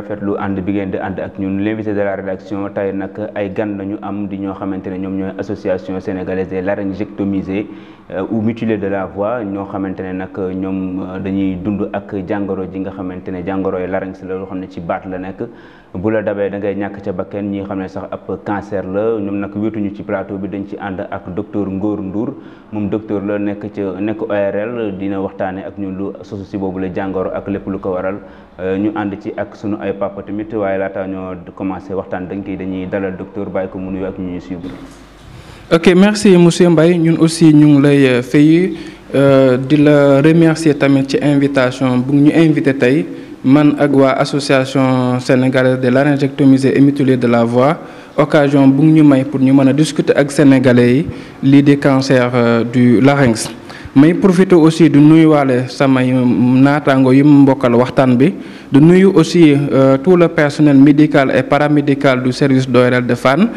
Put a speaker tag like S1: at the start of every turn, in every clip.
S1: rafetlu ànd bi ngeen di ànd ak ñun l'invité de la rédaction tey nag ay gan lañu am di ñoo xamante ne ñoom ñooy association sénégalaise des laryngectomisés euh, ou mutilés de la voix ñoo xamante ne nag ñoom euh, dañuy dund ak jàngoro ji nga xamante ne jàngoro yi larynx la loo xam ne ci baat la nekk bu la dabee da ngay ñàkk ca bakken ñi nga xam ne sax ab cancer la ñoom nag wetuñu ci plateau bi dañ ci ànd ak docteur Ngor Ndour moom docteur la nekk ca nekk ORL dina waxtaane ak ñun lu sosu si boobu la jàngoro ak lépp lu ko waral euh, ñu ànd ci ak sunu ay papa tamit waaye laata ñoo commencé waxtaan dañ koy dañuy dalal docteur bàyyi ko mu nuyu ak ñu ñuy suivre.
S2: ok merci monsieur Mbaye ñun aussi ñu ngi lay euh, fay euh, di la remercier tamit ci invitation bu ñu invité tey. man ak waa association sénégalaise de laryngectomisés et mutilés de la voix occasion bu ñu may pour ñu mën a discuter ak sénégalais yi lii di cancer euh, du larynx. may profité aussi du nuyu waale samay naataango yu mu mbokkal waxtaan bi du nuyu aussi euh, tout le personnel médical et paramédical du service d'ORL de Fann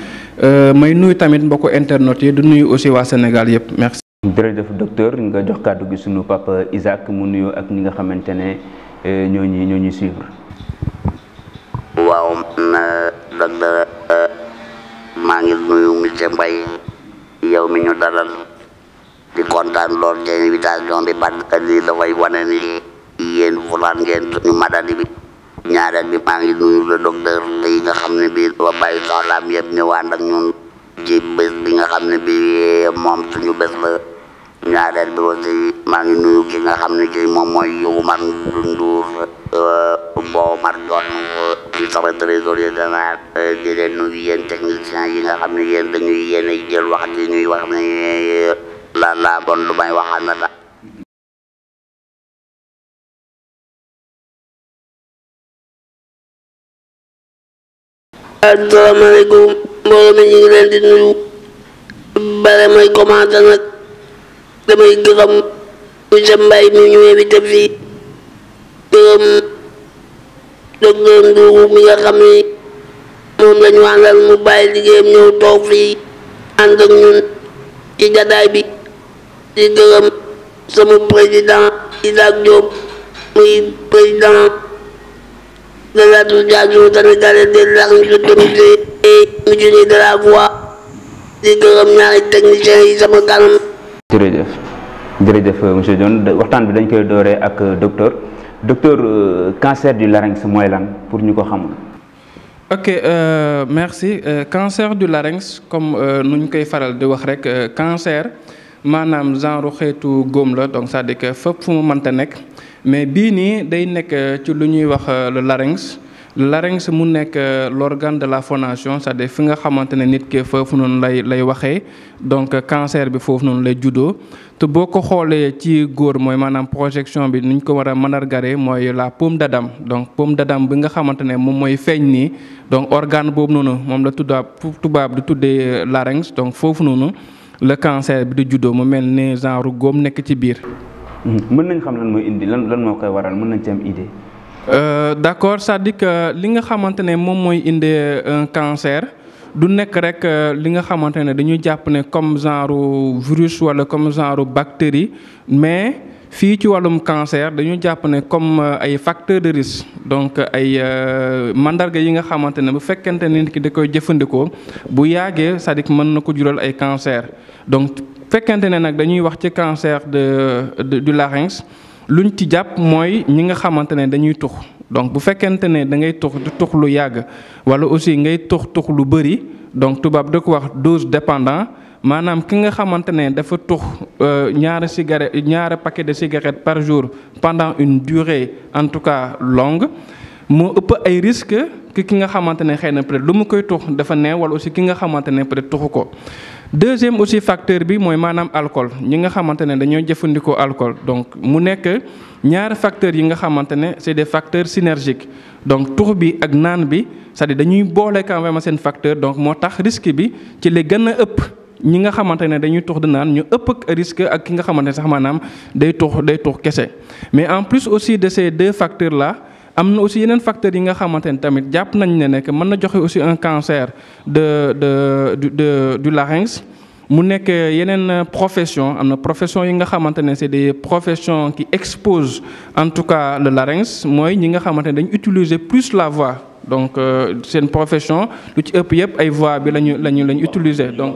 S2: euh, may nuyu tamit mbokku internautes yi du nuyu aussi waa Sénégal yëpp merci. jërëjëf docteur nga jox
S1: kàddu gi sunu papa Isaac mu nuyoo ak ñi nga xamante ne. ñoo ñuy ñoo ñuy
S3: na dagg eh, maa ngi nuyu monsieur Mbaye yow mi ñu dalal di kontaan lool ci invitation bi parce que lii fulaan ngeen suñu madani bi ñaareel bi maa ngi nuyu le docteur yi nga xam ne bii dafa bàyyi soxlaam yëpp ñëwaat ak ñun ci bés bi nga xam ne bii moom suñu bés la. ñaareel bi aussi maa ngi nuyu ki nga xam ne kii moom mooy Oumar Ndour euh, Oumar Dione ci sama trésorier général euh, di leen nuyu yéen techniciens yi nga xam ne yéen dañuy yéen a jël waxtu ñuy wax euh, la la bon lu may waxal na la
S1: asalaamaaleykum mbooloo mi ñu ngi
S4: di nuyu bare may commenter nag damay gërëm monsieur Mbaye mi ñu invité fii gërëm docteur Ndour mi nga xam ni moom la ñu mu bàyyi liggéeyam ñëw toog fii ànd ak ñun ci jataay bi di gërëm sama président Isaac Diop muy président de l'association sénégalaise des larmes automatisées et mutuelle de la voix di gërëm ñaari techniciens yi sama kanam.
S1: jërëjëf jërëjëf monsieur Dione waxtaan bi dañ koy dooree ak euh, docteur docteur euh, cancer du larynx mooy lan pour ñu ko xamul.
S2: ok euh, merci euh, cancer du larynx comme euh, nu ñu koy faral di wax rek cancer maanaam genre xeetu góom la donc cest à fépp fu mu mënta nekk mais bii nii day nekk ci lu ñuy wax le larynx. larynx mu nekk euh, l'organe de la fonation cest à fi nga xamante ne nit ki foofu noonu lay lay waxee donc euh, cancer bi foofu noonu lay juddoo te boo ko xoolee ci góor mooy maanaam projection bi ni ñu ko war a mandargaree mooy la paume d'Adam donc paume d'Adam bi nga xamante ne moom mooy feeñ nii donc organe boobu noonu moom la tuddaab tubaab di tuddee euh, larynx donc foofu noonu le cancer bi di juddoo mu mel ni genre góom nekk ci biir.
S1: mun hmm, nañ xam lan mooy indi lan lan moo koy waral mën nañ ci am
S2: Euh, d' accord cest à que li nga xamante ne moom mooy indi euh, un cancer du nekk rek euh, li nga xamante ne dañuy jàpp ne comme genre virus wala comme genre bactérie mais fii ci wàllum cancer dañu jàpp ne comme ay facteur de risque donc ay mandarga yi nga xamante ne bu fekkente ne nit ki da koy jëfandikoo bu yàggee cest mën na ko jural ay cancer donc fekkente ne nag dañuy wax ci cancer de du larynx lu luñ ci jàpp mooy ñi nga xamante ne dañuy tux donc bu fekkente ne da ngay tux di tux lu yàgg wala aussi ngay tux tux lu bëri donc tubaab da ko wax dose dépendant maanaam ki nga xamante ne dafa tux euh, ñaari cigarette ñaari paquet de cigarette par jour pendant une durée en tout cas longue moo ëpp ay risque ki ki nga xamante ne xëy na peut lu mu koy tux dafa neew wala aussi ki nga xamante ne peut-être tuxu ko deuxième aussi facteur bi mooy maanaam alcool ñi nga xamante ne dañoo jëfandikoo alcool donc mu nekk ñaari facteurs yi nga xamante ne c'est des facteurs synergiques donc tux bi ak naan bi cest à dañuy boole quand même seen facteur donc moo tax risque bi ci li gën a ëpp ñi nga xamante ne dañuy tux di naan ñu ëpp risque ak ki nga xamante sax maanaam day tux day tux kese mais en plus aussi de ces deux facteurs là. am na aussi yeneen facteurs yi nga xamante ni tamit jàpp nañ ne nekk mën na joxe aussi un cancer de de de de du larynx mu nekk yeneen profession am na profession yi nga xamante ne c'est des professions qui expose en tout cas le larynx mooy ñi nga xamante ne dañu utiliser plus la voix donc euh, seen profession lu ci ëpp yëpp ay voix bi lañu lañu lañu utiliser donc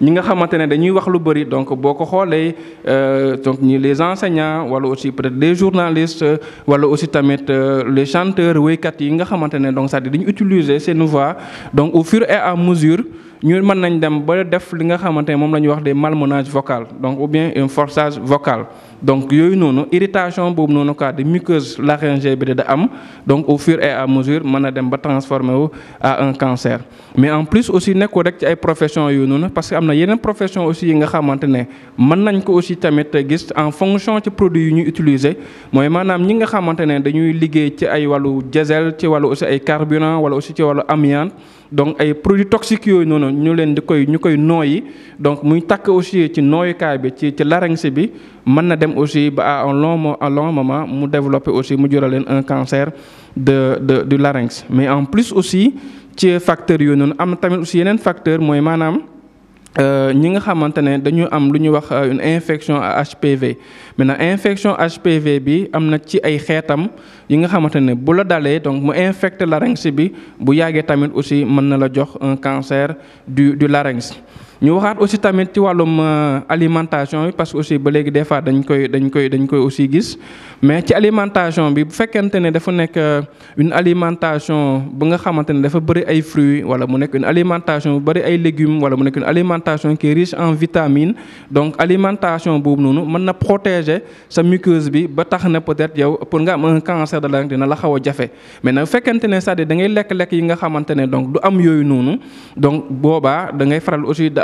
S2: ñi nga xamante ne dañuy wax lu bëri donc boo ko xoolee euh, donc ñi les enseignants wala aussi peut-être les journalistes wala aussi tamit euh, les chanteurs wéykat yi nga xamante ne donc c'est-à-dire dañu utiliser seen voix donc au fur et à mesure ñu mën nañ dem ba def li nga xamante ne moom la ñuy wax des malmenage vocal donc ou bien un forçage vocal donc yooyu noonu irritation boobu noonu quoi de muqueuse laryngée bi da am donc au fur et à mesure mën a dem ba transformé wu à un cancer. mais en plus aussi nekkul rek ci ay profession yooyu noonu parce que am na yeneen profession aussi yi nga xamante ne mën nañ ko aussi tamit gis en fonction ci produit yu ñuy utiliser mooy maanaam ñi nga xamante ne dañuy liggéey ci ay wàllu diesel ci wàllu aussi ay carburant wala aussi ci wàllu amiante. donc ay produits toxiques yooyu noonu ñu leen di koy ñu koy nooyi donc muy takk aussi ci nooyukaay bi ci ci larynx bi mën na dem aussi ba à un long à moment mu développer aussi mu jural leen un cancer de de du larynx mais en plus aussi ci facteurs yooyu noonu am na tamit aussi yeneen facteur mooy maanaam. Euh, ñi nga xamante ne dañu am lu ñuy wax euh, une infection à HPV maintenant infection HPV bi am na ci ay xeetam yi nga xamante ne bu la dalee donc mu infecté larynx bi bu yàggee tamit aussi mën na la jox un cancer du du larynx. ñu waxaat aussi tamit ci wàllum euh, alimentation bi parce que aussi ba léegi des fois dañ koy dañ koy dañ koy aussi gis mais ci alimentation bi bu fekkente ne dafa nekk euh, une alimentation bu nga xamante ne dafa bëri ay fruits wala mu nekk une alimentation bu bëri ay légumes wala mu nekk une alimentation qui est riche en vitamines donc alimentation boobu noonu mën na protéger sa muqueuse bi ba tax na peut-être yow pour nga am un cancer de la dina la xaw a jafe mais nag bu fekkente ne cest à ngay lekk-lekk yi nga xamante ne donc du am yooyu noonu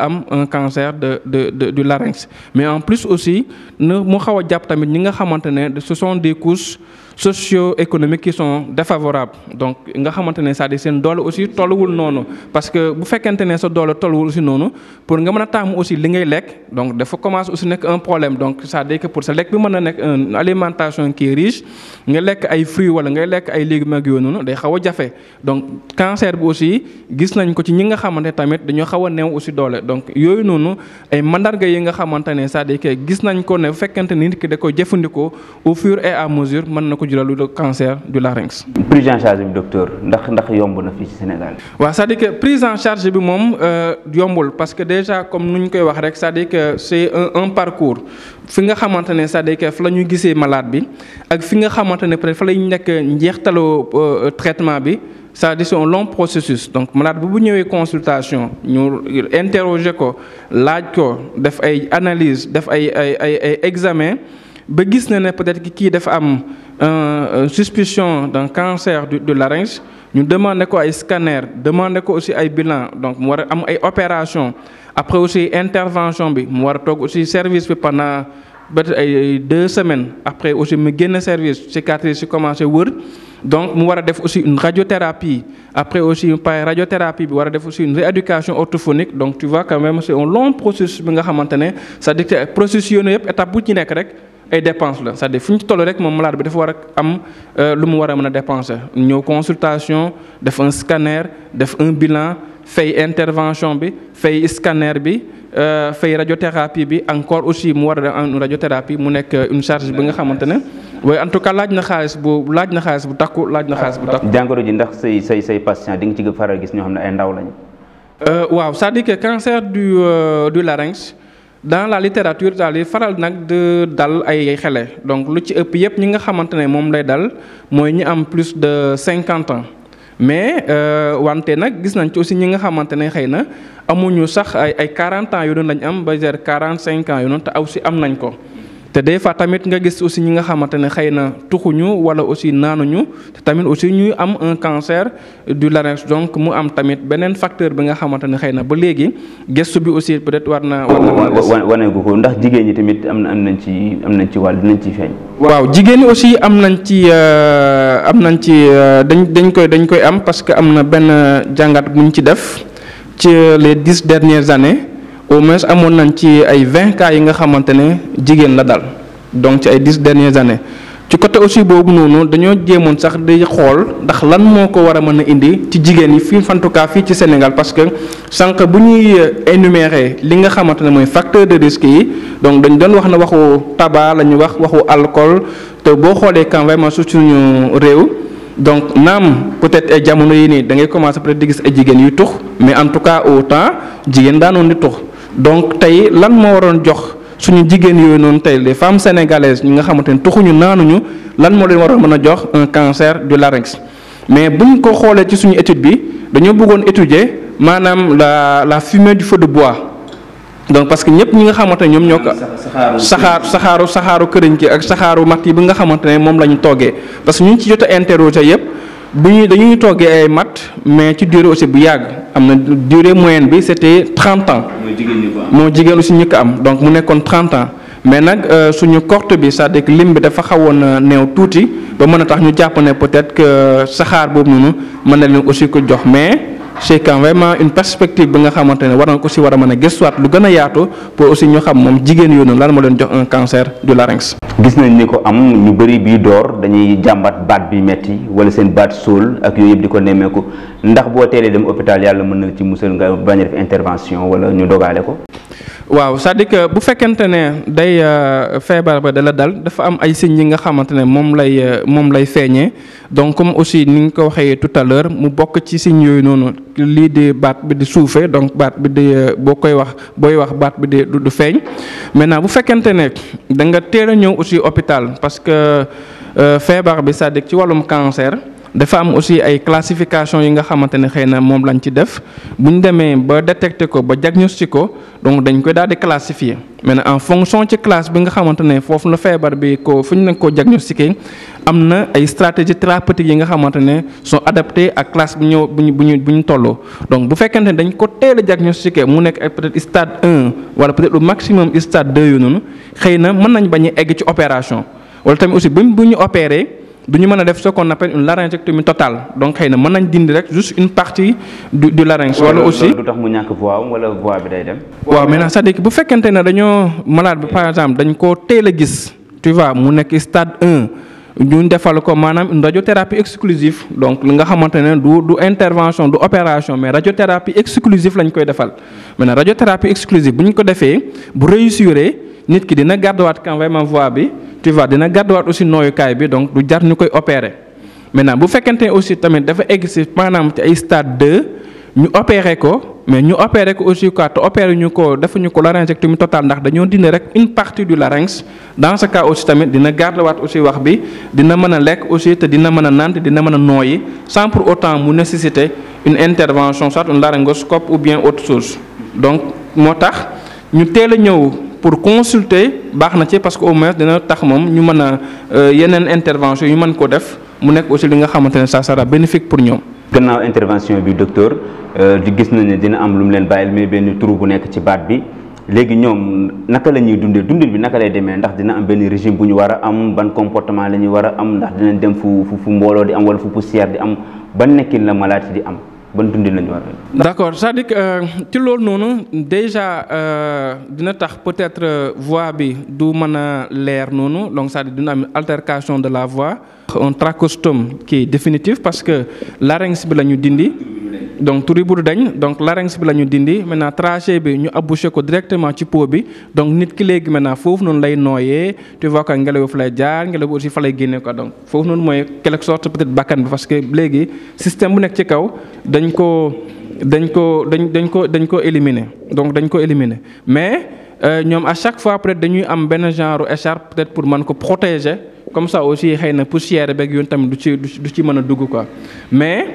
S2: am un cancer de de de du larynx mais en plus aussi na mu xaw a jàpp tamit ñi nga xamante ne ce sont des couches socio-économiques qui sont défavorables donc nga xamante ne c'est-à-dire seen doole aussi tolluwul noonu parce que bu fekkente ne sa doole tolluwul aussi noonu pour nga mën a taamu aussi li ngay lekk donc dafa commence aussi nekk un problème donc cest pour sa lekk bi mën a nekk une alimentation qui nga lekk ay fruits wala ngay lekk ay légumes ak yooyu noonu day xaw a jafe donc cancer aussi gis nañ ko ci ñi nga xamante tamit dañoo xaw a néew aussi doole donc yooyu noonu ay mandarga yi nga xamante ne cest à gis nañ ko ne bu fekkente nit ki da ko jëfandikoo au fur et à mesure mën na ko jural lu cancer du larynx.
S1: prise en charge bi docteur ndax ndax yomb na fii Sénégal.
S2: waaw cest dire que prise en charge bi moom euh, yombul parce que déjà comme nu ñu koy wax rek c'est-à-dire que c'est un parcours fi nga xamante ne c'est-à-dire que fa la ñuy gisee malade bi ak fi nga xamante ne peut-être fa lay nekk njeextalu euh, traitement bi. c'est-à-dire c'est un long processus donc malade bu bu ñëwee consultation ñu interroger ko laaj ko def ay analyse def ba gis na ne peut-être que kii dafa am euh, euh, suspicion d'un cancer du du larynx ñu demandé ko ay scanner demandé ko aussi ay bilan donc mu war a am ay opération après aussi intervention bi mu war a toog aussi service bi pendant ay deux semaines après aussi mu génn service cicatrice si commencé wër donc mu war a def aussi une radiothérapie après aussi par radiothérapie bi war a def aussi une rééducation orthophonique donc tu vois quand même c'est un long processus bi nga xamante ne cest process dire que processus bu ci nekk rek. ay dépense la cest à fu ñu toll rek moom malade bi dafa war a am euh, lu mu war a mën a dépenser ñëw consultation def un scanner def un bilan fay intervention bi fay scanner bi euh, fay radiothérapie bi encore aussi mu war a am une radiothérapie mu nekk euh, une charge bi nga xamante ne waaye en tout cas laaj na xaalis bu laaj na xaalis bu takku laaj na xaalis bu takku. jàngoro ji ndax say say say patient di nga ci faral gis ñoo xam ne ay ndaw lañu. waaw cest à que cancer dans la littérature daal di faral nag dal ay xele donc lu ci ëpp yëpp ñi nga xamante ne moom lay dal mooy ñi am plus de cinquante ans mais euh, wante nag gis nañ ci aussi ñi nga xamante ne xëy na amuñu sax ay ay quarante ans yu doon am ba jar quarante cinq ans yu doon te aussi am nañ ko. te des fois tamit nga gis aussi ñi nga xamante ne xëy na tuxuñu wala aussi naanuñu te tamit aussi ñuy am un cancer du larynx donc mu am tamit beneen facteur bi nga xamante ne xëy na ba léegi gëstu bi aussi peut-être war na war
S1: waneegu ko ndax jigéen ñi tamit am na am nañ ci am nañ ci wàll dinañ ci feeñ
S2: waaw jigéen ñi aussi am nañ ci euh, am nañ ci euh, dañ dañ koy dañ koy am parce que am na benn jàngat buñ ci def ci les dix dernières années au moins amoon nañ ci ay vingt cas yi nga xamante ne jigéen la dal donc ci ay dix dernières années ci côté aussi boobu noonu dañoo jéemoon sax di xool ndax lan moo ko war a mën a indi ci jigéen yi fi en tout fii ci Sénégal parce que sànq bu ñuy euh, énumérer li nga xamante ne mooy facteur de risque yi donc dañu doon wax na waxu taba la ñu wax waxu alcool te boo xoolee quand vraiment su suñu réew donc naam peut-être ay jamono yi nii da ngay commencer peut-être di ay jigéen yu tux mais en tout cas au temps jigéen daanoon di tux donc tey lan moo waroon jox suñu jigéen yooyu noonu tey les femmes sénégalaises ñi nga xamante ni tuxuñu ñu lan moo leen waroon mën a jox un cancer du larynx mais buñ ko xoolee ci suñu étude bi dañoo bëggoon étudier maanaam la la fumée du feu de bois donc parce que ñëpp ñi nga xamante ne ñoom ñoo saxaar saxaaru saxaaru këriñ ki ak saxaaru mat yi bi nga xamante ne moom la ñu toggee parce que ñu ci jot a interroger yëpp bi dañuy toggee ay mat mais ci durée aussi bu yàgg am na durée moyenne bi c'était trente ans. mooy jigéen ñi ko am moo jigéen aussi ñi ko am donc mu nekkoon trente ans mais nag euh, suñu corte bi cest à lim bi dafa xawoon a euh, néew tuuti ba mën a tax ñu jàpp ne peut-être que euh, saxaar boobu noonu mën na leen aussi ko jox mais. c'est quand vraiment une perspective bi nga xamante ne war ko aussi war a mën a gëstuwaat lu gën a yaatu pour aussi ñu xam moom jigéen yooyu noonu lan moo leen jox un cancer du larynx.
S1: gis nañ ni ko am ñu bëri bii door dañuy jàmbat baat bi metti wala seen baat sóol ak yooyu yëpp di ko nemmeeku ndax boo teelee dem hôpital yàlla mën na ci musal nga bañ a def intervention wala ñu dogale ko.
S2: waaw cest à que bu fekkente ne day euh, feebar ba dala dal dafa am ay signes yi nga xamante ne moom lay euh, moom lay feeñee donc comme aussi ni nga ko waxee tout à mu bokk ci siñ yooyu noonu lii di baat bi di suufee donc baat bi di euh, boo koy wax booy wax baat bi di du feeñ maintenant bu fekkente ne da nga teel ñëw aussi hôpital parce que feebar bi cest ci wàllum cancer. dafa am aussi ay classification yi nga xamante ne xëy na moom lañ ci def bu ñu demee ba détecté ko ba diagnostiqué ko donc dañ koy daal di classifier maintenant en fonction ci classe bi nga xamante ne foofu la feebar bi ko fu ñu leen ko diagnostiqué am na ay stratégie thérapeutique yi nga xamante ne sont adaptées ak classe bu ñëw bu ñu bu ñu bu ñu tolloo donc bu fekkente ne dañ ko teel a diagnostiqué mu nekk ay peut-être stade un wala peut-être au maximum stade deux yu noonu xëy na mën nañ bañ a egg ci opération wala aussi bu ñu opéré. du ñu mën a def ce qu'on appelle une laryngectomie totale donc xëy na mën nañ dindi rek juste une partie du du larynx. wala aussi du
S1: tax mu ñàkk voix wala voix bi day dem.
S2: waaw maintenant c'est-à-dire bu fekkente ne dañoo malaat bi par exemple dañ koo teel a gis tu vois mu nekk stade 1 ñu defal ko maanaam une radiothérapie exclusive donc li nga xamante ne du du intervention du opération mais radiothérapie exclusive lañ koy defal maintenant radiothérapie exclusive bu ñu ko defee bu réussir nit ki dina gardewaat quand vraiment bi. tu vois dina gàdduwaat aussi nooyukaay bi donc du jar ñu koy opérer maintenant bu fekkente aussi tamit dafa egg si maanaam ci ay stade 2 ñu opérer ko mais ñu opérer ko aussi quoi te opérer ñu ko defuñu ko laryngectomie totale ndax dañoo dindi rek une partie du larynx dans ce aussi tamit dina gardewaat aussi wax bi dina mën a lekk aussi te dina mën a naan te dina mën a nooyi sans pour autant mu nécessiter une intervention soit un laryngoscope ou bien autre donc moo tax ñu teel a ñëw. pour consulter baax na ci parce que au moins dina tax moom ñu mën a euh, yeneen intervention ñu mën ko def mu nekk aussi li nga xamante ne ça sera bénéfique pour ñoom.
S1: gannaaw intervention bi docteur euh, di gis nañ ne dina am lu mu leen bàyyil mais benn trou bu nekk ci baat bi léegi ñoom naka la ñuy dundee dundin bi naka lay demee ndax dina am benn régime bu ñu war a am ban comportement la ñu war a am ndax dinañ dem fu fu fu mbooloo di am wala fu poussière di am ban nekkin la maladie di am. ban dundin lañu war
S2: d' accord c'est-à-dire que euh, ci loolu noonu déjà euh, dina tax peut-être euh, voix bi du mën a leer noonu donc c'est-à-dire dina am altercation de la voix. un trachéostome qui est définitif parce que la larynx bi la ñu dindi. donc turi bu du dañ donc larynx bi la ñu dindi maintenant trajet bi ñu abouché ko directement ci peau bi donc nit ki léegi maintenant foofu noonu lay nooyee tu vois que ngelaw fa lay jaar ngelaw bi aussi fa lay génne ko donc foofu noonu mooy quelque sorte peut-être bakkan bi parce que léegi système bu nekk ci kaw dañ ko dañ ko dañ dañ ko dañ ko éliminer donc dañ ko éliminer mais euh, ñoom a chaque fois près dañuy am benn genre écharpe peut-être pour mën ko protéger. comme ça aussi xëy na poussière beeg yoon tamit du ci du ci mën a dugg quoi mais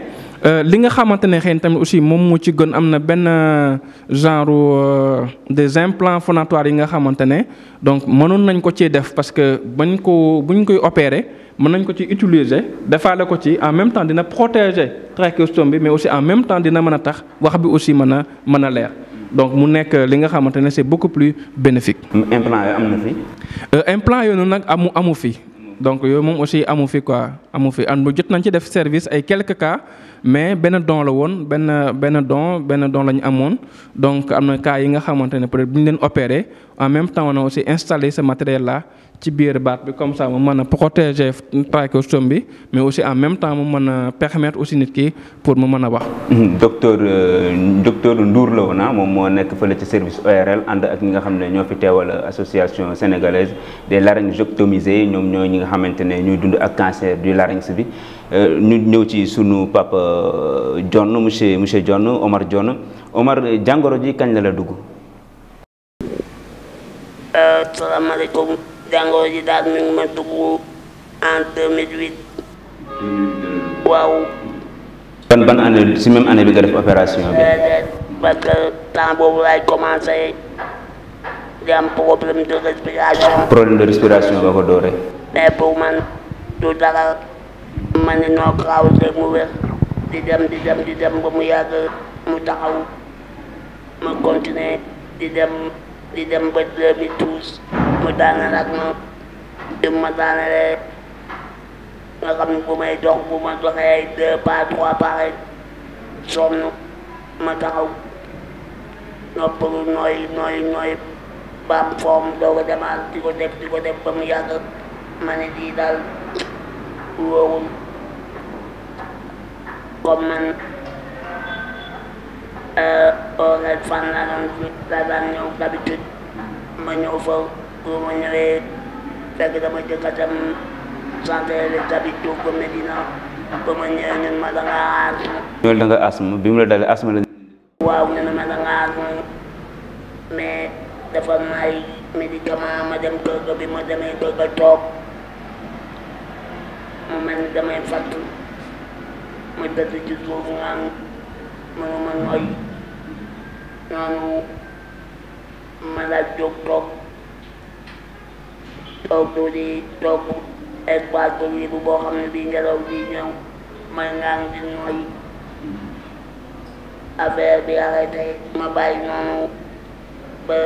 S2: euh, li nga xamante ne xëy na tamit aussi moom moo ci gën am na benn euh, genre euh, des implants phonatoires yi nga xamante ne donc mënoon nañ ko cee def parce que bañ ko buñ koy opérer mën nañ ko ci utiliser defaale ko ci en même temps dina protéger trachéostome bi mais aussi en même temps dina mën a tax wax bi aussi mën a mën a leer donc mu nekk li nga xamante ne c'est beaucoup plus bénéfique. implant am na fi. implant yooyu nag amu amu fi. donc yooyu moom aussi amu fi quoi amu fi am jot nañ ci def service ay quelques cas mais benn don la woon benn benn don benn don la ñu amoon donc am na kaa yi nga xamante ne peut-être bu leen opéré en même temps na aussi installé ce matériel là ci biir baat bi comme ça mu mën a protéger trachéostome bi mais aussi en même temps mu mën a permettre aussi nit ki pour mu mën a wax.
S1: Hmm, docteur euh, docteur Ndour la woon ah, moom moo nekk fële ci service ORL ànd ak ñi nga xam ne ñoo fi teewal association sénégalaise des laryngectomisés ñoom ñoo ñi nga xamante ne ñuy dund ak cancer du larynx bi euh, ñu ñëw ci sunu papa euh, John monsieur monsieur John Omar John Omar jàngoro ji kañ la la dugg.
S4: asalaamaaleykum jàngoro ji daal mi ngi ma dugg en 2008. 2008. waaw.
S1: ban ban année si même année bi nga def opération bi. Euh,
S4: euh, parce que temps boobu laay commencé di am problème de respiration. problème de respiration nga ko dooree. mais pour man du dara ma ne noo kaaw rek mu wér di dem m dem di dem ba mu yàgg mu taxaw ma continuer di dem. di dem ba deux mille douze mu daaneel ak ma dem ma daanelee nga xam ne bu may dox bu ma doxee ay deux pas trois pas rek sonn ma taxaw noppalu nooy nooy nooy baam foom doog a demaat di ko def di ko def ba mu yàgg ma ne di daal wóorul comme man. honnête euh, fan laa doon laa daan ñëw d'habitude ma ñëw fa bu ma ñëwee fekk dama jëkkatam santé le tabit ba mu ma da nga asthme dafa may médicament ma dem kër ga ma demee kër ga toog mu mel damay fàtt ma tëdd ci suuf nga mënuma noyyi. noonu mën a jóg toog toog tuuti toog espace bu libre boo xam ne bii ngelaw bi ñëw may ngaan di nooy affaire bi arrêté ma bàyyi noonu ba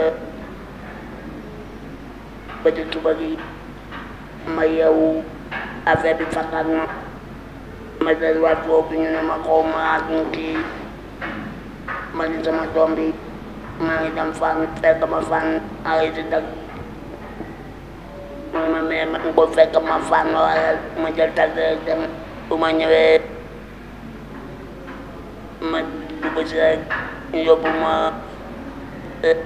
S4: ba ci suba gi ma yeewu affaire bi fakkat ma ma delluwaat foofu ñu ne ma xaw ma ak ñu man sama doom bi maa ngi dem fan fekk ma fan ay di dag ma mais ma ko fekk ma fan waaye ma jël tàgge dem bu ma ñëwee ma dugg ci rek yóbbu ma eh,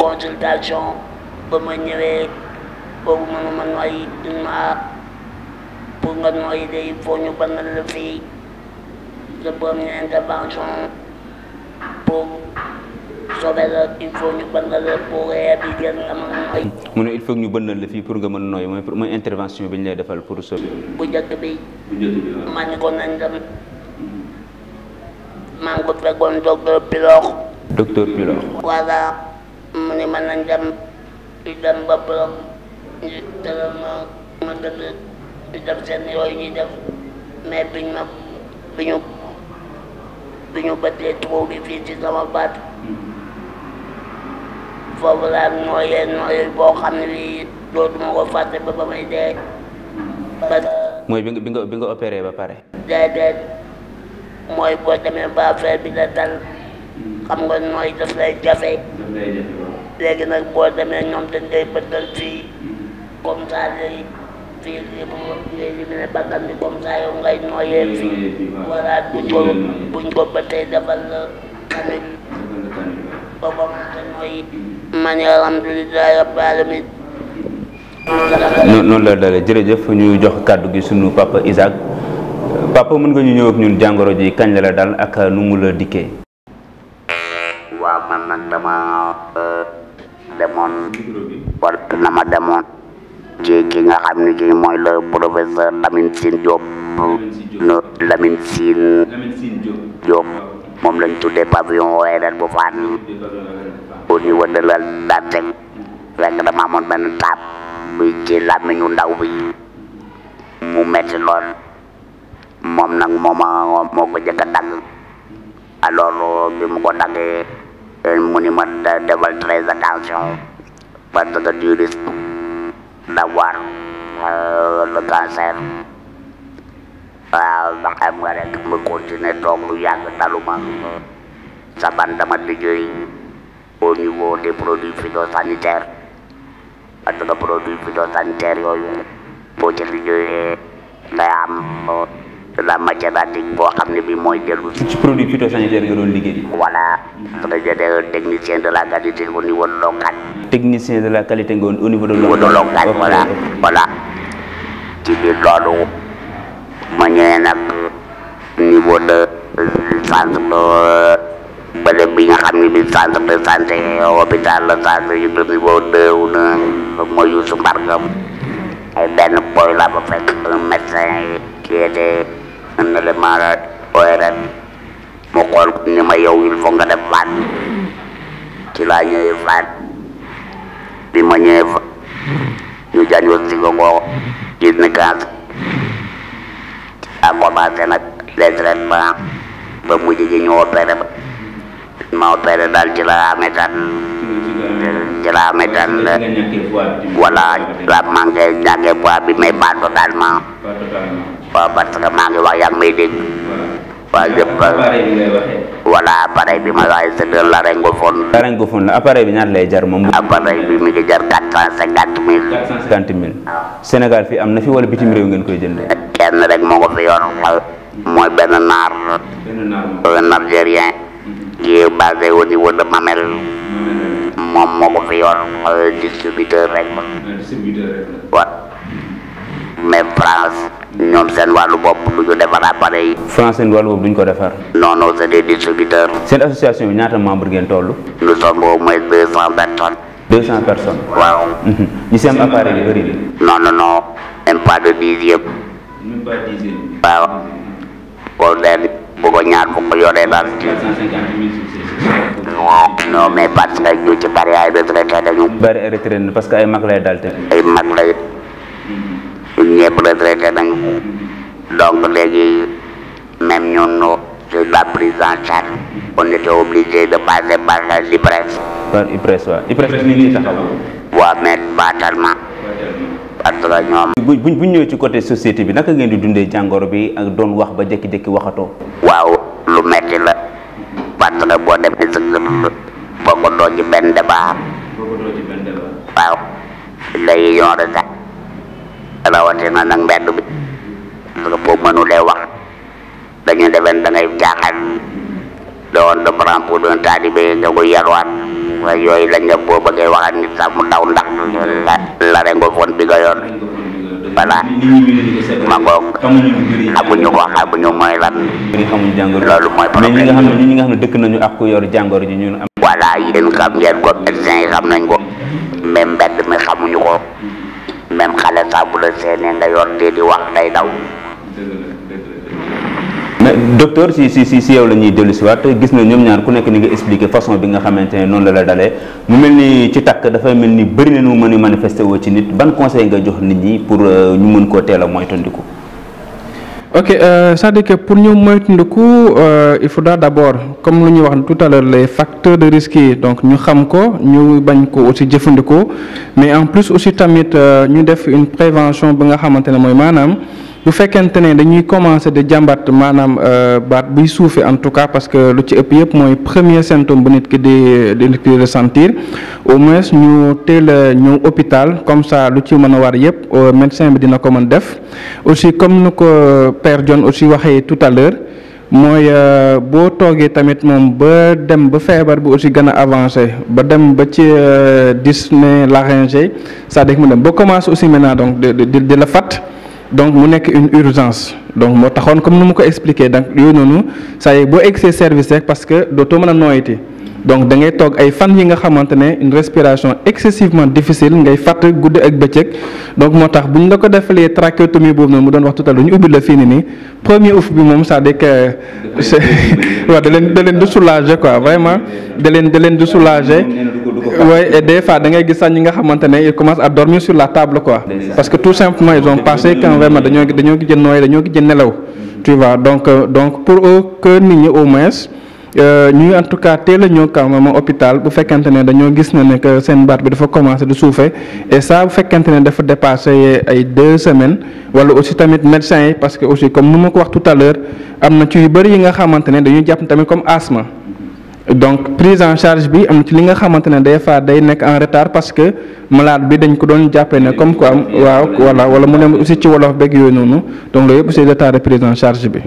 S4: consultation ba ma ñëwee boobu mënuma nooyi duñ ma pour nga nooyi day foo ñu ba nga la fii de bonne intervention pour sobe la il faut ñu bënn la pour
S1: mu ne ñu bënn la fii pour nga mën nooy mooy mooy intervention bi ñu lay defal pour sobe. bu njëkk bi. bu njëkk
S4: maa ngi ko nañ dem maa ngi ko fekkoon docteur Pilor. docteur Pilor. voilà mu ne mën nañ dem di dem ba Pilor ñu tëral ma ma dëgg di def seen yooyu ñuy def mais biñ ma biñu. du ñu bëttee tubaab bi fii ci sama baat foofu laa nooyee nooyee boo xam ne lii dootuma ko fàtte ba ba may dee
S1: mooy bi nga bi nga bi nga opéré ba pare
S4: déedéet mooy boo demee ba affaire bi la dal xam nga nooy daf lay jafe léegi nag boo demee ñoom dañ lay bëttal fii hmm. comme ça léegi fii léegi mu ne bakkan bi comme ça yow ngay nooyee fii waraat buñ ko buñ ko ba tey defal la tamit ba ba mu te alhamdulillah rabbil alamin
S1: noonu la dalee jërëjëf ñu jox kàddu gi sunu papa Isaac papa mën nga ñu ñëw ak ñun jàngoro ji kañ la la daal ak nu mu la dikkee.
S3: waaw man nag dama euh, demoon war na ma demoon. ci ki nga xam ne kii mooy le professeur Lamine Sine Diop Lamine Sine Diop moom lañ tuddee pavillon ORL bu Fann au niveau de la DATEC fekk dama amoon benn taab buy ci làmmiñu ndaw bi mu metti lool moom nag mooma moo ko jëkk a dagg alors mu ko daggee mu ni ma defal très attention parce que tu risques d'avoir euh, le cancer waaw ma xam nga rek ma continuer toog lu yàgg taluma saban dama liggéey au niveau des produits phytosanitaires parce que produits phytosanitaires yooyu boo ci liggéeyee day am la matière active boo xam ne bi mooy dellu si. ci produits phytosanitaires yi doon liggéey. voilà parce que j'étais de la qualité au niveau local.
S1: technicien de la qualité nga woon de local voilà
S3: voilà ci biir ma ñëwee nag niveau de centre bërëb bi nga xam ne bi centre de santé hôpital la centre yu de niveau deux ou un mooy Youssou Mbargam benn boy la ba fekk un médecin qui était un élément ORM mu xool ni ma yow il faut nga def vaat ci laa ñëwee di mwenyewe ñujàñwasigo ngoo junni quinze a commencé nag les traitements ba mujj ji ñu opéré ba ma opéré daal ci la amee tan ci la amee tan wala la manqué ñàkkee poids bi mais pas totalement waaw maa ngi wax may dégg waaye lépp voilà appareil bi ma waaye c'est un laryngophone. laryngophone la appareil bi ñaata lay jar moom. appareil bi mi ngi jar quatre cent cinquante mille. quatre cent
S1: Sénégal fii am na fi wala bitim réew ngeen koy
S3: jëndee. kenn rek moo ko fi yor mooy benn naar. benn naar moom algérien. qui mhm. est moom moo ko fi yor distributeur rek la. mais France ñoom seen wàllu bopp du ñu defar appareil yi.
S1: France seen wàllu bopp du ko defar.
S3: non non c'est des distributeurs.
S1: seen association bi ñaata membre ngeen toll.
S3: nous sommes au moins deux cent personnes. deux cent mhm. seen appareil yi bëri na. non non non de dixième. même pas dixième. bu ko ñaar bu ko yoree daal. non mais parce que ñu ci bari ay retraité dañu.
S1: bari ay retraité parce que ay mag lay daal te.
S3: ay mag lay. ñebe bu la traité da donc léegi même ñun c'est la prise en charge on était obligé de passer par l'IPRES.
S1: par IPRES waaw IPRES mi ngi taxaw.
S3: waaw mais pas tellement.
S1: bu ñëwee ci côté société bi naka ngeen di dundee jàngoro bi ak doon wax ba jékki-jékki waxatoo.
S3: waaw lu metti la parce que boo demee sa kër bokkutoo ci benn débat. bokkutoo waaw lay yore sax. rawatina nag mbedd bi parce mm. que boo mënulee wax dañuy defen da ngay jaaxal doon dom rampo doon taalibe nga ko yarwaat waaye yooyu lañ nga boo bëggee waxaat nit sax mu daw ndax la la rengo fon bi nga yor voilà ma ngoog xamuñu ko xamuñu mooy lan
S1: loolu xam ne ñi nga xam ne dëkk nañu ak ku yor jàngoro ji ñun am voilà yéen xam ngeen ko
S3: médecin yi xam nañ ko mais mbedd mi xamuñu ko même xale saa bu la seenee nga yor te di wax day daw.
S1: mais docteur si si si yow la ñuy dellu si gis na ñoom ñaar ku nekk ni nga expliqué façon bi nga xamante ne noonu la la dalee mu mel ni ci takk dafay mel ni bëri na nu mën ni manifesté woo ci nit ban conseil nga jox nit ñi pour euh, ñu mën koo teel a moytandiku.
S2: ok euh, c'est-à-dire que pour ñu moytandiku euh, il faut faudra d'abord comme lu ñuy wax tout à l'heure les facteurs de risque yi donc ñu xam ko ñu bañ ko aussi jëfandikoo mais en plus aussi tamit euh, ñu def une prévention bi nga xamante ne mooy maanaam. bu fekkente ne dañuy commencer de jàmbat maanaam euh, baat buy suufee en tout cas parce que lu ci ëpp yëpp mooy premier symptôme bu nit ki di di nit ki di au moins ñu teel a ñëw hôpital comme ça lu ci mën a war yëpp euh, médecin bi dina ko mën def aussi comme nu ko Père John aussi waxee tout à l'heure mooy euh, boo toogee tamit moom ba dem ba feebar bi aussi gën a avancé ba dem ba ci dyspnée laryngée c'est-à-dire mu dem ba commencé aussi maintenant donc di di donc mu nekk une urgence donc moo taxoon comme nu mu ko expliqué donc yooyu noonu saa yi boo egsee service rek parce que dootoo mën a nooyati donc da ngay ay fan yi nga xamante ne une respiration excessivement difficile ngay fàtt gudd ak bëccëg donc moo tax bu ñu la ko defalee trachéotomie boobu noonu mu doon wax tout à l'heure ñu ubbi la fii nii nii premier ouf bi moom c'est-à-dire que waaw da leen da leen di soulager quoi vraiment da leen da leen di soulager du ko. oui des fois da ngay gis sax ñi nga xamante ne ils commencent à dormir sur la table quoi. parce que tout simplement ils ont passé quand vraiment dañoo dañoo gis nooy dañoo gis nelaw. Mm-hmm. tu vois donc euh, donc pour eux que nit ñi au moins. Euh, ñuy en tout cas teel a ñëw quand hôpital bu fekkente ne dañoo gis na ne que seen baat bi dafa commencé di suufee et ça bu fekkente ne dafa dépassé ay deux semaines wala aussi tamit médecins yi parce que aussi comme nu ma ko wax tout à l'heure am na ci yu bëri yi nga xamante ne dañuy jàpp tamit comme asthme. donc prise en charge bi am ci li nga xamante ne des fois day nekk en retard parce que malade bi dañ ko doon jàppee ne comme quoi waaw voilà wala mu ne aussi ci wolof beeg yooyu noonu donc loolu yëpp c'est retard de prise en charge bi.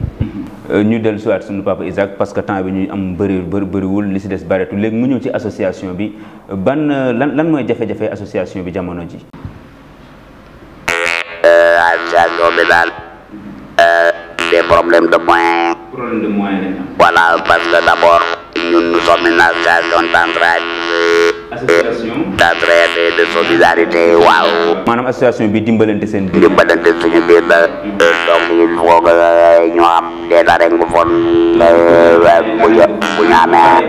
S1: Euh, ñu dellu si waat suñu papa Isaac parce que temps bi ñu am bëri bëri bëriwul li si des bëreetul léegi mu ñëw ci association bi ban lan lan mooy jafe-jafe association bi jamono ji.
S3: Euh, association bi daal euh, voilà parce que d'abord. nous, nous sommes une association d'entraide. d'entraide et de solidarité waaw.
S1: maanaam association bi dimbalante seen biir.
S3: dimbalante suñu biir ba. E, donc il faut que euh, ñu am des arènes bu fon. Euh, bu ñu bu ñu amee.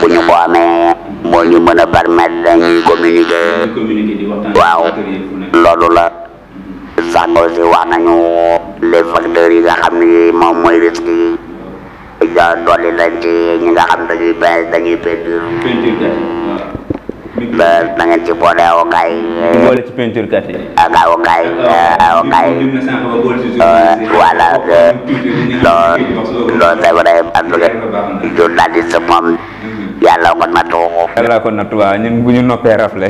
S3: bu ñu ko amee. moo mën a permettre dañuy communiquer. waaw loolu la. sax aussi wax nañu les facteurs yi la xam ni moom mooy risque ja dolli ci ñi nga xam dañuy dañuy ba ngeen ci boole awukaay. Eh, boole ci peinture kat yi. ak awukaay. awukaay voilà. loo eh, loo day waree ak lu ngeen moom. Mm-hmm. yàlla ko nattu.
S1: yàlla ko nattu ñun bu ñu noppee rafle.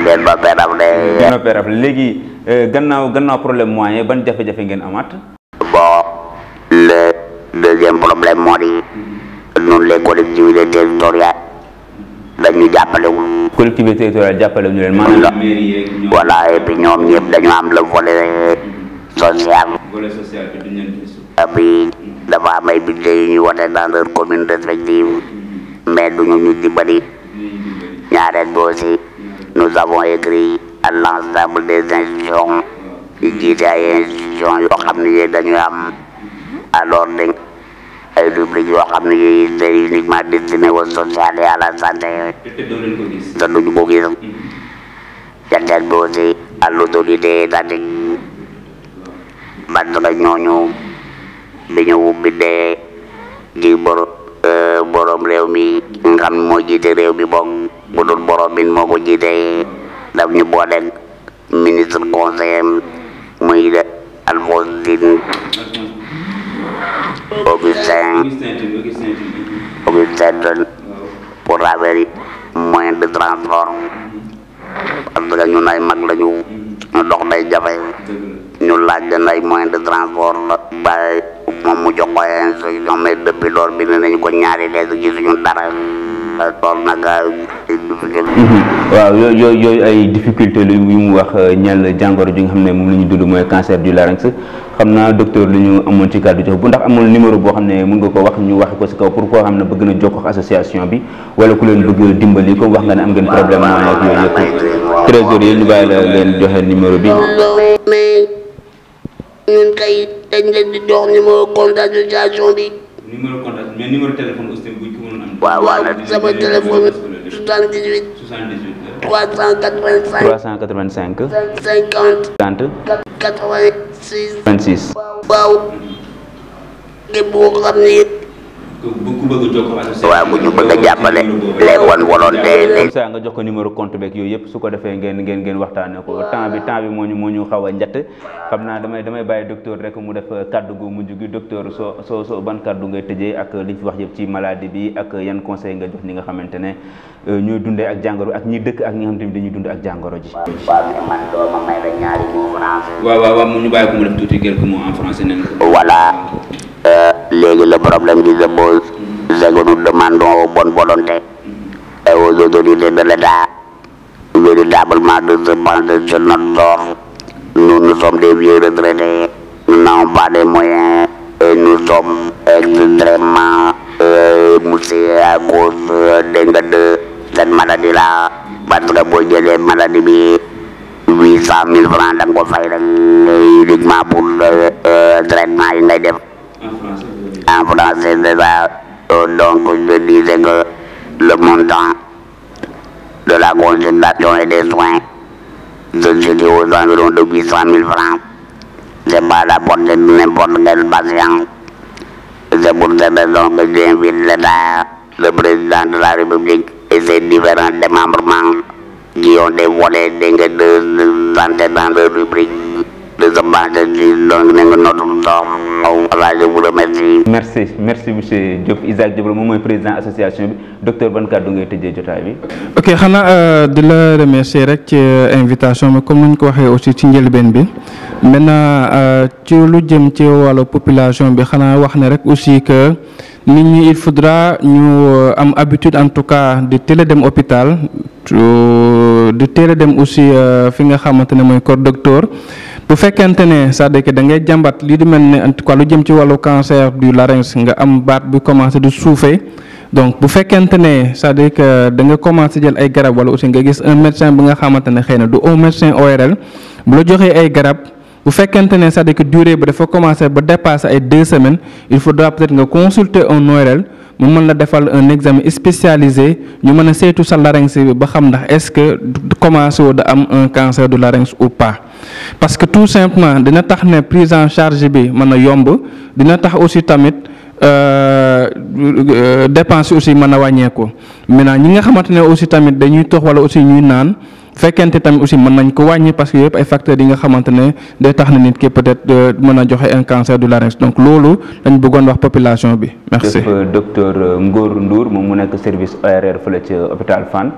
S3: ngeen noppee rafle.
S1: ngeen léegi eh, gannaaw gannaaw problème moyen ban jafe-jafe ngeen amaat.
S3: deuxième problème moo di ñun les collectivités territoriales dañuy jàppalewul
S1: collectivités territoriales jàppalewul ñu leen
S3: maanaam voilà et puis ñoom ñëpp dañu am le volet social volet bi duñ dafa am ay budget yu dans leur commune respective mais duñu ñu di bëri ñaareel bi aussi nous avons écrit à l'ensemble des institutions yi jiite ay institutions yoo am alors léegi ay double yoo xam ne yooyu day uniquement destiné aux sociales et à la santé te duñu ko gis mm-hmm. jagleel bi aussi à l'autorité étatique parce que ñooñu bi ñu di e, borom réew mi nga xam ne moo jiite réew mi boog bu dul borom bi moo ko jiite daf ñu booleeg ministre conseil Augustin. Augustin donne pour avoir moyen de transport parce que ñun ay mag lañu ñu dox day jafe ñu laaj leen ay moyen de transport waaye moom mu jox ko ay instruction mais depuis loolu bi ne nañu ko ñaari lees gisuñu dara. ma tool na gaaw yi mhm.
S1: waaw yooyu yooyu ay difficulté lu yu mu wax euh, ñeel jàngoro ji nga xam ne moom la ñu dund mooy cancer du larynx xam naa docteur lu ñu amoon ci kàddu jox bu ndax amoon numéro boo xam ne mën nga ko wax ñu wax ko si kaw pour koo xam ne bëgg na jokkoo association bi wala ku leen bëgg dimbali ko wax nga ne am ngeen problème moom ak yooyu yëpp trésorier ñu bàyyi la leen joxe numéro bi
S4: ñun kay dañ leen di jox numéro contact bi
S1: waaw waaw sama téléphone.
S4: 78. 78
S1: 385. 385. 50. 50. 86. 26.
S4: waaw. lépp boo xam ne
S1: waaw bu ñu bëgg a jàppale leen wan volonté nga jox ko numéro compte beeg yooyu yëpp su ko defee ngeen ngeen ngeen ne ko temps bi temps bi moo ñu moo ñu xaw a njëtt xam naa damay damay bàyyi docteur rek mu def kaddu gu mu gi docteur soo soo soo ban kaddu ngay tëjee ak li ñu fi wax yëpp ci maladie bi ak yan conseil nga jox ni nga xamante ne euh, ñooy dundee ak jàngoro ak ñi dëkk ak ñi nga xamante ne dañuy dund ak jàngoro ji. waaw
S3: man léegi le problème qui se pose c'est que nous demandons aux bonnes volontés de l'État véritablement de de notre sort nous nous sommes des vieux retraités nous n'avons pas les moyens et nous sommes euh, à cause dégg de cette maladie là parce que boo jëlee bi huit cent mille francs da nga ko fay rek pour euh, traitement yi ngay def en français c'est ça donc je disais que le montant de la consultation et des soins se situe aux environs de huit cent francs c'est pas la portée de quel patient c'est pour cette raison que j'invite l'État le président de la République et ses différents démembrements qui ont des volets de santé dans leur rubrique
S1: merci merci monsieur Diop Isaac Diop moom mooy président association bi docteur ban kàddu ngay tëjee jotaay bi.
S2: ok xanaa euh, di la remercier rek ci euh, invitation bi comme ni ñu ko waxee aussi ci njëlbeen bi maintenant euh, ci lu jëm ci wàllu population bi xanaa wax ne rek aussi que nit ñi il faudra ñu am habitude en tout cas di teel a dem hôpital di teel a dem aussi fi nga xamante ne mooy corps docteur. bu fekkente ne sa à dire que da ngay jàmbat li di mel ne en tout cas lu jëm ci wàllu cancer du larynx nga am baat bu commencé du suufee donc bu fekkente ne sa à dire que da nga commencé jël ay garab wala aussi nga gis un médecin bi nga xamante ne xëy na du un médecin ORL bu la joxee ay garab. bu fekkente ne sa à dire que durée bi dafa commencer ba dépasser ay deux semaines il faut peut-être nga consulter un ORL mu mën la defal un examen spécialisé ñu mën a saytu sa larynx bi ba xam ndax est-ce que commencé woo da am un cancer du larynx ou pas parce que tout simplement dina tax ne prise en charge bi mën a yomb dina tax aussi tamit euh, euh, dépense aussi mën a wàññeeku maintenant ñi nga xamante ne aussi tamit dañuy tox wala aussi ñuy naan. fekkente tamit aussi mën nañ ko wàññi parce que yëpp ay facteurs yi nga xamante ne day tax na nit ki peut-être euh, mën a joxe un cancer du larynx donc loolu lañ bëggoon wax population bi. merci euh,
S1: docteur euh, Ngor Ndour moom mu nekk service ORR fële ci hôpital Fann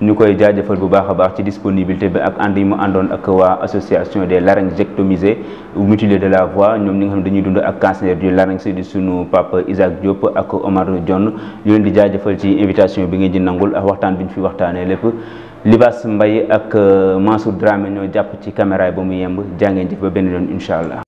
S1: ñu koy jaajëfal bu baax a baax ci disponibilité bi ak ànd yi mu àndoon ak waa association des laryngectomisés ou mutilés de la voix ñoom ñi nga xam ne dañuy dund ak cancer du larynx di sunu papa Isaac Diop ak Omar Dione ñu di jaajëfal ci invitation bi ngeen di nangul ak waxtaan bi ñu fi waxtaanee lépp. Libaas Mbaye ak euh, Mansour Dramé ñoo jàpp ci caméra yi ba mu yemb jàngeen jëf ba benn yoon incha allah.